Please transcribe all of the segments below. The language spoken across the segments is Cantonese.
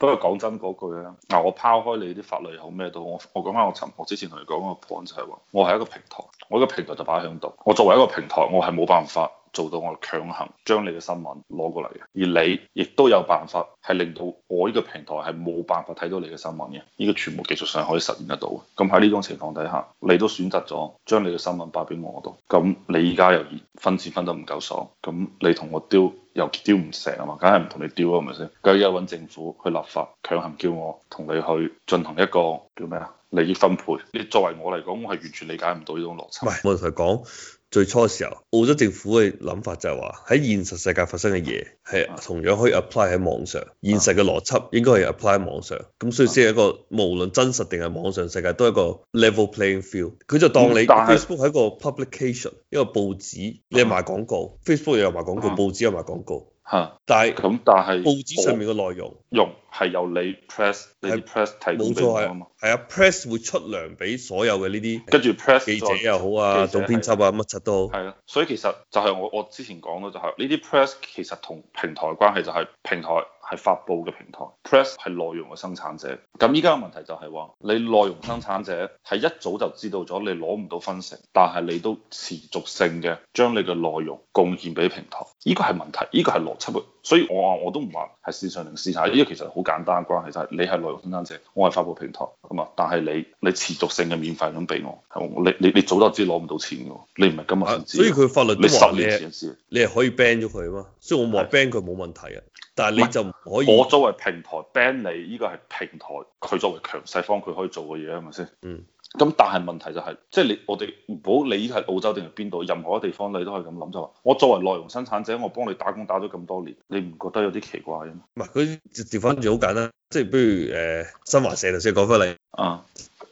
不過講真嗰句啊，我拋開你啲法律也好咩都好，我我講翻我尋我之前同你講嗰個 point 就係話，我係一個平台，我一個平台就擺喺度，我作為一個平台，我係冇辦法做到我強行將你嘅新聞攞過嚟嘅，而你亦都有辦法係令到我呢個平台係冇辦法睇到你嘅新聞嘅，呢個全部技術上可以實現得到嘅。咁喺呢種情況底下，你都選擇咗將你嘅新聞擺俾我度，咁你依家又分錢分得唔夠爽，咁你同我丟又丟唔成啊嘛，梗係唔同你丟啦、啊，係咪先？咁而家揾政府去立法強行叫我同你去進行一個叫咩啊利益分配？你作為我嚟講，我係完全理解唔到呢種邏輯、嗯。唔係，我同佢講最初嘅時候，澳洲政府嘅諗法就係話，喺現實世界發生嘅嘢係同樣可以 apply 喺網上，現實嘅邏輯應該係 apply 喺網上，咁所以先係一個無論真實定係網上世界都係一個 level playing field。佢就當你 Facebook 係一個 publication，一個報紙，你賣廣告，Facebook 又賣廣告，報紙又賣廣告。吓，但係咁，但係是報紙上面嘅內容，用係由你 press，是你啲 press 提供嘅嘛錯。冇我啊，press 會出糧俾所有嘅呢啲，跟住 press 記者又好啊，總編輯啊，乜七、啊、都係啊，所以其實就係我我之前講嘅、就是，就係呢啲 press，其實同平台關係就係平台。係發布嘅平台，Press 係內容嘅生產者。咁依家嘅問題就係話，你內容生產者係一早就知道咗你攞唔到分成，但係你都持續性嘅將你嘅內容貢獻俾平台，呢個係問題，呢個係邏輯。所以我話我都唔話係線上定線下，因為其實好簡單關係，就係你係內容生產者，我係發布平台，咁啊，但係你你持續性嘅免費咁俾我你，你你你早就知攞唔到錢嘅喎，你唔係咁啊。所以佢法律你十年前嘅事，你係可以 ban 咗佢啊嘛，所以我話 ban 佢冇問題啊。但係你就唔可以，唔係，我作為平台 ban 你，呢個係平台佢作為強勢方佢可以做嘅嘢，係咪先？嗯。咁但係問題就係，即係你我哋唔好理係澳洲定係邊度，任何一地方你都可以咁諗，就話我作為內容生產者，我幫你打工打咗咁多年，你唔覺得有啲奇怪嘅咩？唔係，佢調翻轉好簡單，即係不如誒新華社頭先講翻你。啊。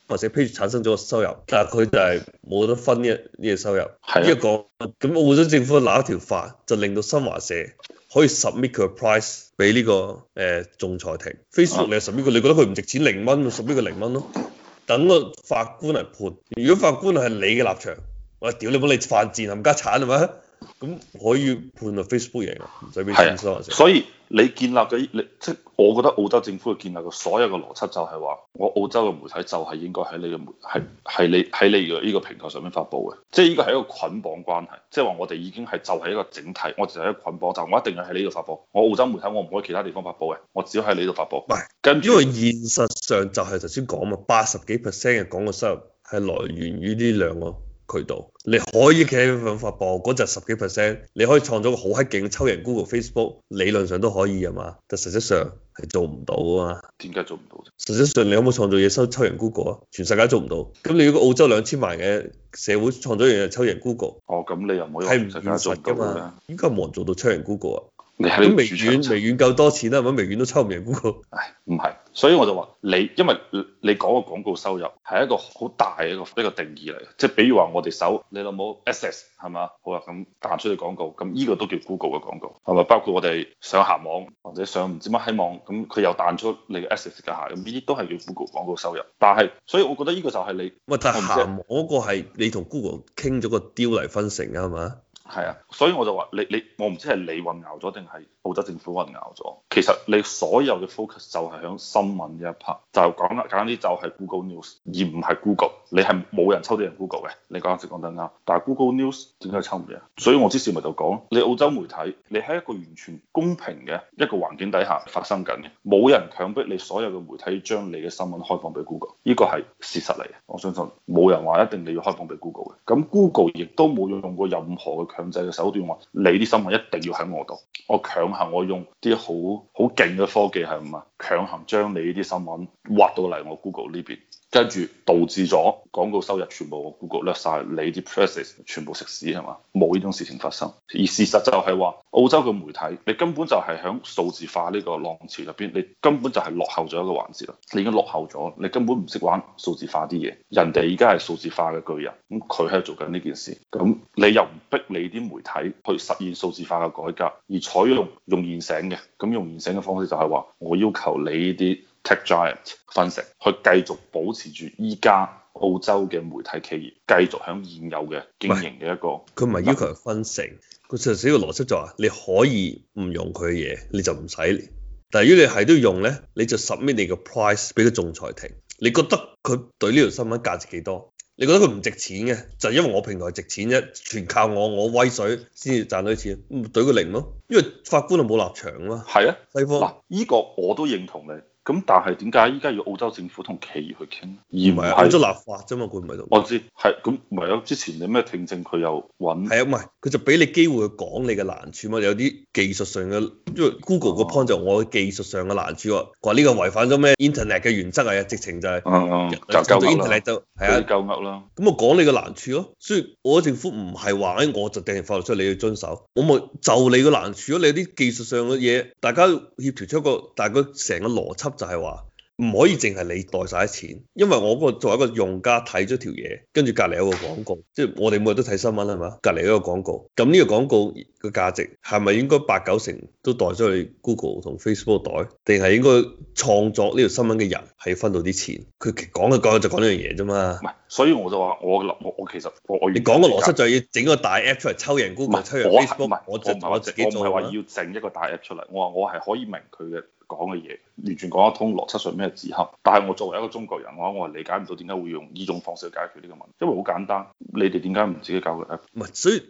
或者 page 產生咗個收入，但係佢就係冇得分呢？呢個收入，呢一個咁澳洲政府攞一條法，就令到新華社可以 submit 佢 pr、個 price 俾呢個誒仲裁庭。Facebook 你 submit 佢，你覺得佢唔值錢零蚊，咪 submit 佢零蚊咯。等個法官嚟判。如果法官係你嘅立場，我屌你冇，你犯賤冚家鏟係咪？咁可以判落 Facebook 嘢啊，唔使俾錢，所以你建立嘅，你即係、就是、我覺得澳洲政府嘅建立嘅所有嘅邏輯就係話，我澳洲嘅媒體就係應該喺你嘅媒，係係、嗯、你喺你嘅呢個平台上面發布嘅，即係呢個係一個捆綁關係，即係話我哋已經係就係、是、一個整體，我哋係一個捆綁，就是、我一定要喺呢度發布，我澳洲媒體我唔可以其他地方發布嘅，我只要喺呢度發布。唔係是，咁着因為現實上就係頭先講啊，八十幾 percent 嘅廣告收入係來源於呢兩個。渠道你可以企喺份發佈嗰就十幾 percent，你可以創造個好黑勁嘅抽人 Google、Facebook，理論上都可以係嘛？但實質上係做唔到啊嘛。點解做唔到啫？實質上你有冇創造嘢收抽人 Google 啊？全世界做唔到。咁你如果澳洲兩千萬嘅社會創造嘢抽人 Google，哦咁你又唔可以全世界做唔到㗎嘛？應該冇人做到抽人 Google 啊？咁微軟微軟夠多錢啦，係咪？微軟都抽唔贏 Google。唉，唔係，所以我就話你，因為你講個廣告收入係一個好大嘅一個一個定義嚟，即係比如話我哋搜你老母 Access，係嘛？好啦，咁彈出去廣告，咁呢個都叫 Google 嘅廣告，係咪？包括我哋上下網或者上唔知乜喺網，咁佢又彈出你嘅 Access 噶吓，咁呢啲都係叫 Google 廣告收入。但係，所以我覺得呢個就係你，喂是，但係嗰個係你同 Google 傾咗個 deal 嚟分成啊嘛？係啊，所以我就話你你我唔知係你混淆咗定係澳洲政府混淆咗。其實你所有嘅 focus 就係響新聞呢一 part，就講啦簡單啲就係 Google News，而唔係 Google。你係冇人抽啲人 Google 嘅，你講一直講得啱。但係 Google News 點解抽唔到？所以我之前咪就講，你澳洲媒體你喺一個完全公平嘅一個環境底下發生緊嘅，冇人強迫你所有嘅媒體將你嘅新聞開放俾 Google。呢個係事實嚟嘅，我相信冇人話一定你要開放俾 Google 嘅。咁 Google 亦都冇用過任何嘅。強制嘅手段話，你啲新聞一定要喺我度，我強行我用啲好好勁嘅科技係嘛，強行將你啲新聞挖到嚟我 Google 呢邊，跟住導致咗廣告收入全部 Google 掠晒，你啲 presses 全部食屎係嘛，冇呢種事情發生。而事實就係話，澳洲嘅媒體你根本就係喺數字化呢個浪潮入邊，你根本就係落後咗一個環節啦，你已經落後咗，你根本唔識玩數字化啲嘢，人哋而家係數字化嘅巨人，咁佢喺度做緊呢件事，咁你又唔逼你？啲媒體去實現數字化嘅改革，而採用用現成嘅，咁用現成嘅方式就係話，我要求你啲 tech giant 分成，去繼續保持住依家澳洲嘅媒體企業繼續喺現有嘅經營嘅一個。佢唔係要求分成，佢純粹個邏輯就話，你可以唔用佢嘅嘢，你就唔使。但係如果你係都用咧，你就 submit 你個 price 俾個仲裁庭。你覺得佢對呢條新聞價值幾多？你覺得佢唔值錢嘅，就係因為我平台值錢啫，全靠我，我威水先至賺到啲錢，對佢零咯。因為法官係冇立場噶嘛，係啊，西方嗱，呢個我都認同你。咁但係點解依家要澳洲政府同企業去傾，而唔係嗌咗立法啫嘛？佢唔係讀。我知係咁，唔係咯？之前你咩聽證，佢又揾。係啊，唔係佢就俾你機會去講你嘅難處嘛？有啲技術上嘅，因為 Google 個 point 就我技術上嘅難處喎。佢話呢、啊、個違反咗咩 Internet 嘅原則啊？直情就係、是，啊啊、就夠、啊、啦。咁就 Internet 就係啊夠鈎啦。咁、嗯、我講你個難處咯、啊，所以我政府唔係話喺我制定法律出嚟你要遵守，我咪就，就，就你個難處咯。你啲技術上嘅嘢，大家協調出一個大概成個邏輯。就係話唔可以淨係你袋晒啲錢，因為我嗰個作為一個用家睇咗條嘢，跟住隔離有個廣告，即係我哋每日都睇新聞啦，係嘛？隔離有個廣告，咁呢個廣告嘅價值係咪應該八九成都袋咗去 Google 同 Facebook 袋，定係應該創作呢條新聞嘅人係要分到啲錢？佢講嘅講就講呢樣嘢啫嘛。唔係，所以我就話我我，我其實我你講個邏輯就，就要整個大 app 出嚟抽人 Google 同 Facebook，唔係我唔係我唔係話要整一個大 app 出嚟，我話我係可以明佢嘅。講嘅嘢完全講得通，邏輯上咩係自洽。但係我作為一個中國人嘅話，我係理解唔到點解會用呢種方式去解決呢個問題。因為好簡單，你哋點解唔自己搞個 app？唔係，所以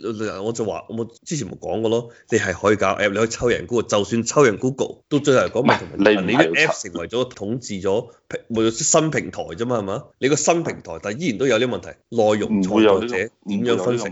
我就話我之前咪講過咯，你係可以搞 app，你可以抽人 Google 就算抽人 Google，都最後嚟講咪同人。不和你唔會有抽？你 app 成為咗統治咗平，冇新平台啫嘛係嘛？你個新平台，但係依然都有啲問題，內容創作者點、這個、樣分成？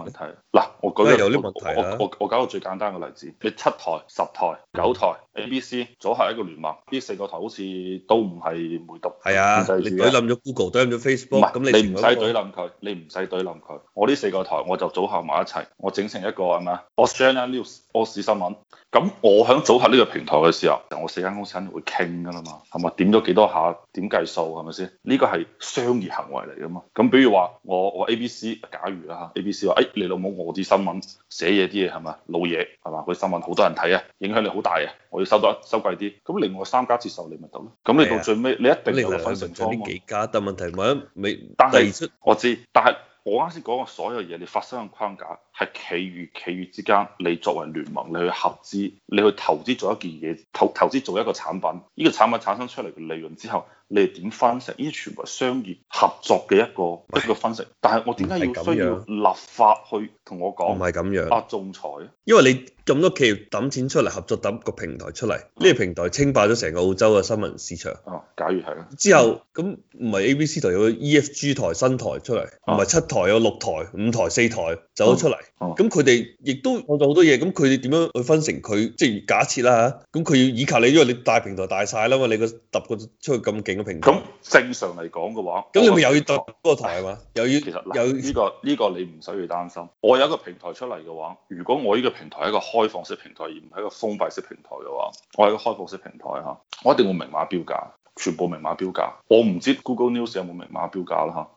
嗱、啊，我舉個最簡單嘅例子，你七台、十台、九台 A、B、C，左係一個聯。呢四個台好似都唔係每讀，係啊的，你懟冧咗 Google，懟冧咗 Facebook。唔係有，你唔使懟冧佢，你唔使懟冧佢，我呢四個台我就組合埋一齊，我整成一個係咪啊？All news，all 新聞。咁我喺組合呢個平台嘅時候，我四間公司肯定會傾噶啦嘛，係嘛？點咗幾多下，點計數係咪先？呢、這個係商業行為嚟噶嘛。咁比如話我我 A B C 假如啦嚇、啊、，A B C 話誒、哎、你老母我啲新聞寫嘢啲嘢係咪老嘢係嘛？佢新聞好多人睇啊，影響力好大啊。我要收多收貴啲，咁另外三家接受你咪得咯，咁你到最尾的你一定落水分成啊！幾家？但問題係係未，但係我知，但係。我啱先講嘅所有嘢，你發生嘅框架係企與企與之間，你作為聯盟，你去合資，你去投資做一件嘢，投投資做一個產品，呢個產品產生出嚟嘅利潤之後，你係點分成？呢啲全部係商業合作嘅一個是一個分成，但係我點解要需要立法去同我講？唔係咁樣啊，仲裁。因為你咁多企業揼錢出嚟合作揼個平台出嚟，呢個平台稱霸咗成個澳洲嘅新聞市場。哦、啊，假如係之後咁唔係 ABC 台有 EFG 台新台出嚟，唔係、啊、七台。台有六台、五台、四台走咗出嚟，咁佢哋亦都我做好多嘢，咁佢哋點樣去分成？佢即係假設啦嚇，咁佢要倚靠你，因為你大平台大晒啦嘛，你個揼個出去咁勁嘅平台，咁、嗯、正常嚟講嘅話，咁你咪又要揼多台係嘛？唉有要意其實，有呢意、呢個呢、呢個你唔使去擔心。我有一個平台出嚟嘅話，如果我呢個平台係一個開放式平台，而唔係一個封閉式平台嘅話，我係一個開放式平台嚇，我一定會明碼標價，全部明碼標價。我唔知 Google News 有冇明碼標價啦嚇。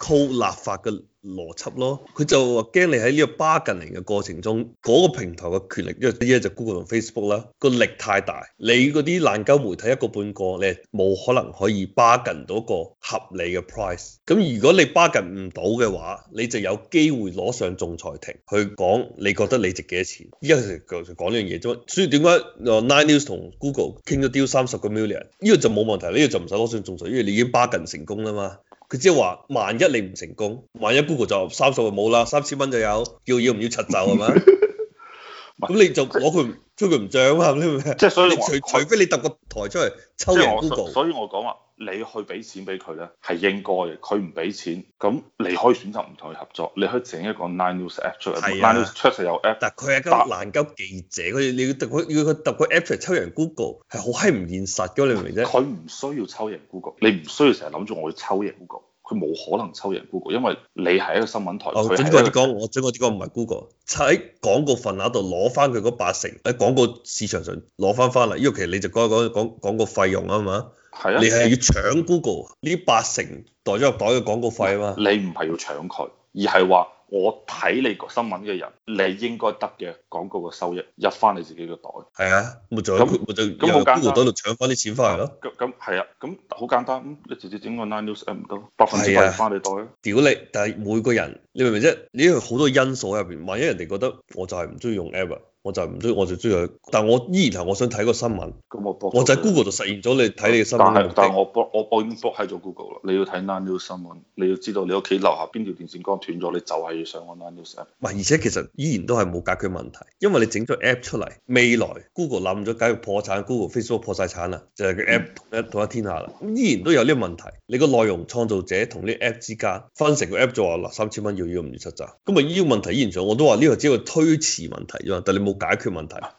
靠立法嘅邏輯咯，佢就話驚你喺呢個巴緊嘅過程中，嗰、嗰個平台嘅權力，因為呢一就 Google 同 Facebook 啦，個力太大，你嗰啲爛鳩媒體一個半個，你冇可能可以巴緊到個合理嘅 price。咁如果你巴緊唔到嘅話，你就有機會攞上仲裁庭去講你覺得你值幾多錢。依家其實講呢樣嘢啫，所以點解啊 Nine News 同 Google 傾咗丟三十個 million，呢個就冇問題，呢、呢個就唔使攞上仲裁，因為你已經巴緊成功啦嘛。佢只係話，萬一你唔成功，萬一 Google 就三十萬就冇啦，三千蚊就有，就有，要要唔要柒就係嘛？ 咁你就攞佢，即係佢唔漲啊！即係所以，你除除非你揼個台出嚟抽人 Google。所以我講話，你去俾錢俾佢咧，係應該嘅。佢唔俾錢，咁你可以選擇唔同佢合作。你可以整一個 Nine News app 啊，出嚟，Nine News 出嚟有 app。但係佢係一個難鳩記者，佢你要揼佢，要佢揼個 app 出嚟抽人 Google 係好閪唔現實嘅，你明唔明啫？佢唔需要抽人 Google，你唔需要成日諗住我要抽人 Google。佢冇可能抽贏 Google，因為你係一個新聞台。哦，準確啲講，我準確啲講唔係 Google，喺廣告份額度攞翻佢嗰八成，喺廣告市場上攞翻翻嚟。因為其實你就講講講廣告費用啊嘛，係啊，你係要搶 Google 呢八成袋咗入袋嘅廣告費啊嘛。你唔係要搶佢，而係話。我睇你個新聞嘅人，你應該得嘅廣告嘅收益入翻你自己個袋。係啊，咪就咁就江湖度搶翻啲錢翻嚟咯。咁咁係啊，咁好簡單，咁、啊、你直接整個 Nine News App 唔得，百分之百入翻你袋。屌、啊、你！但係每個人，你明唔明啫？呢個好多因素入邊，萬一人哋覺得我就係唔中意用 App 我就唔中意，我就中意佢，但我依然係我想睇個新聞、嗯。咁我播，我就 Google 就實現咗你睇你嘅新聞的的、嗯嗯。但係，但我我已經 block 喺咗 Google 啦。你要睇 online news 新聞，你要知道你屋企樓下邊條電線杆斷咗，你就係要上 online news app。唔係，而且其實依然都係冇解決問題，因為你整咗 app 出嚟，未來 Google 冧咗，假如破產，Google、Facebook 破晒產啦，就係、是、個 app 統統一天下啦。依然都有呢個問題，你個內容創造者同啲 app 之間分成個 app 就話嗱三千蚊要要唔要折咋，咁啊呢個問題依然上，我都話呢個只係推遲問題啫但係你冇解決問題。